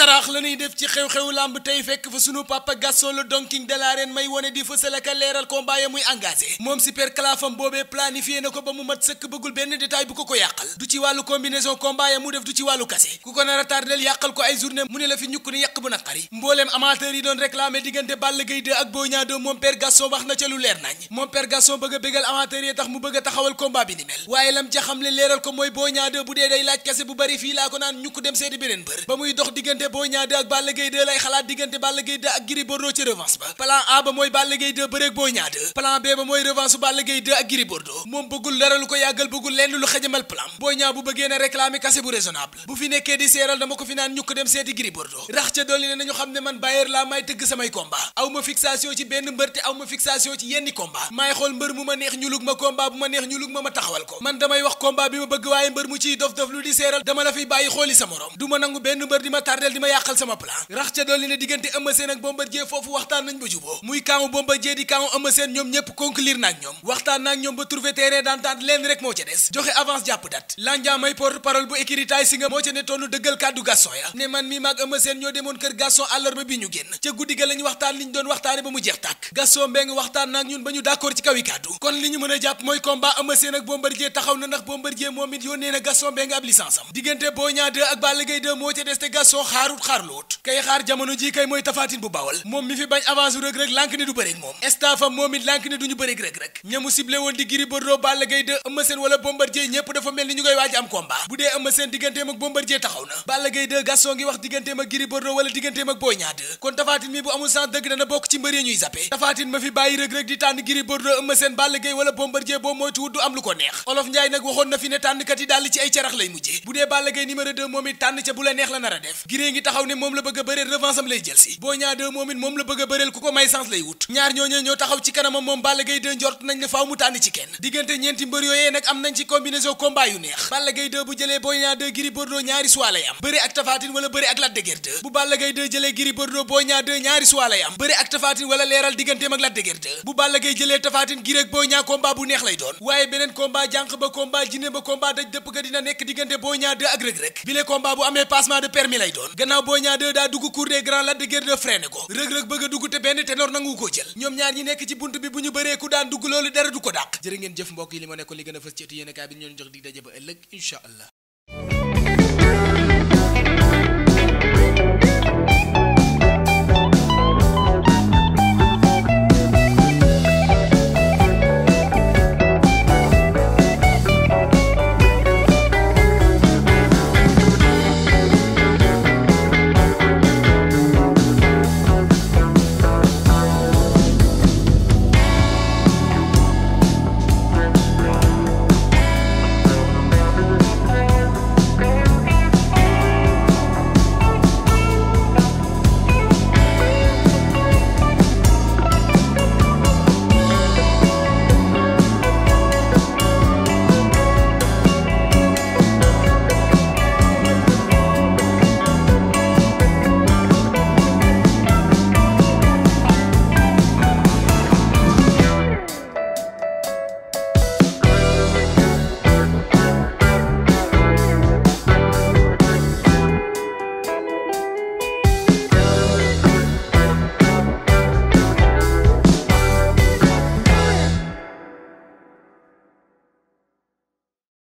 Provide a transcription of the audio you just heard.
saraax la ñuy def ci xew-xewu lamb tey fekk fa sunu papa Gaston le Don King de l'arène may wone di fësal ak leeral combat ya muy engagé moom super calafam boobee planifié na ko ba mu mat sëkk bëggul benn détail bu ko ko yàqal du ci wàllu combinaison combat ya mu def du ci wàllu kase ku ko nar a tardel yàqal ko ay journée mu ne la fi ñukk ni yàq bu naqari mbooleem amateur yi doon réclamé diggante Balla Gaye ak Boy moom père Gaston wax na ca lu leer nañ mu bëgg taxawal combat bi ni mel waaye lam ca xamle mooy Boy Niang 2 bu dee day laaj kase bu bari fii laa ko naan ñukk Boy Niang 2 ak Balla Gaye 2 lay xalaat diggante Balla Gaye 2 ak Gris Bordeaux ci revanche ba plan A ba mooy Balla Gaye 2 bëreeg Boy Niang 2 plan B ba mooy revanche su Balla Gaye 2 ak Gris Bordeaux moom bëggul dara lu ko yàggal bëggul lenn lu xajamal plan Boy Niang bu bëggee na réclamer kase bu raisonnable bu fi nekkee di seeral dama ko fi naan ñu ko dem seeti Gris Bordeaux rax ca dolli ne nañu xam ne man bàyyeer laa may tëgg samay combat aw ma fixation ci ko man damay wax combat bi ma bëgg waaye mbër mu ciy ma yàqal sama plan rax ca dolli ne diggante Eumeu Sène ak Bombardier foofu waxtaan nañ ba juboo muy kaamu Bombardier di kaamu Eumeu ñoom ñëpp conclure na ak ñoom waxtaan na ak ñoom ba trouver terrain d'entente leen rek moo ca des joxe avance jàpp date lanjaa may porte parole bu écritay si nga moo ca ne tonn dëggal kàddu Gaston ya ne man mi maag Eumeu Sène ñoo demoon kër Gaston àllarba bi ñu génn ca guddi ga lañ waxtaan liñ doon waxtaane ba mu jeex tàkk Gaston na ak ñun ba ñu d'accord a jàpp mooy combat Eumeu Sène ak Bombardier taxaw na ndax Bombardier xaarut kon tafaatin mi bu amul sens dëgg dana bokk ci mbër ñuy zappe tafaatin ma fi bàyyi Reug Reug di tànn Gris Bordeaux Eumeu Sène Balla Gaye wala Bombardier boo moytuwut du am lu ko neex Olof Njaay nag waxoon na fi ne tànnkat yi daal ci ay carax lay mujje bu dee Balla Gaye numéro 2 moom it tànn ca bu la neex la nar a def ngi taxaw ne moom la bëgg a bëreel revanche am lay jël si Boy Niang 2 moom it moom la bëgg a bëreel ku ko may sens lay wut ñaar ñooñu ñoo taxaw ci kanamam moom Balla Gaye 2 njort nañ ne faaw mu tànn ci kenn diggante ñeenti mbër yooyee nag am nañ ci combinaison combat yu neex Balla Gaye 2 bu jëlee Boy Niang 2 Gris ñaari choix lay am bëri ak Tapha Tine wala ak Lac de bu Balla Gaye 2 jëlee Gris Bordeaux Boy Niang ñaari choix lay am bëri ak Tapha Tine wala waaye beneen combat jànq ba combat jinne ba gannaaw Boy Niang 2 daa dugg cour des grands Lac de Guiers 2 freiné ko rëg-rëg bëgg a dugg te benn ténor nangu ko jël ñoom ñaar ñi nekk ci bunt bi bu ñu bëree ku daan dugg loolu dara du ko dàq jërë ngeen jëf mbokk yi li ma nekkoon li gën a fës ci ëttu yéenekaay bi ñu jox dig daje ba ëllëg incha allah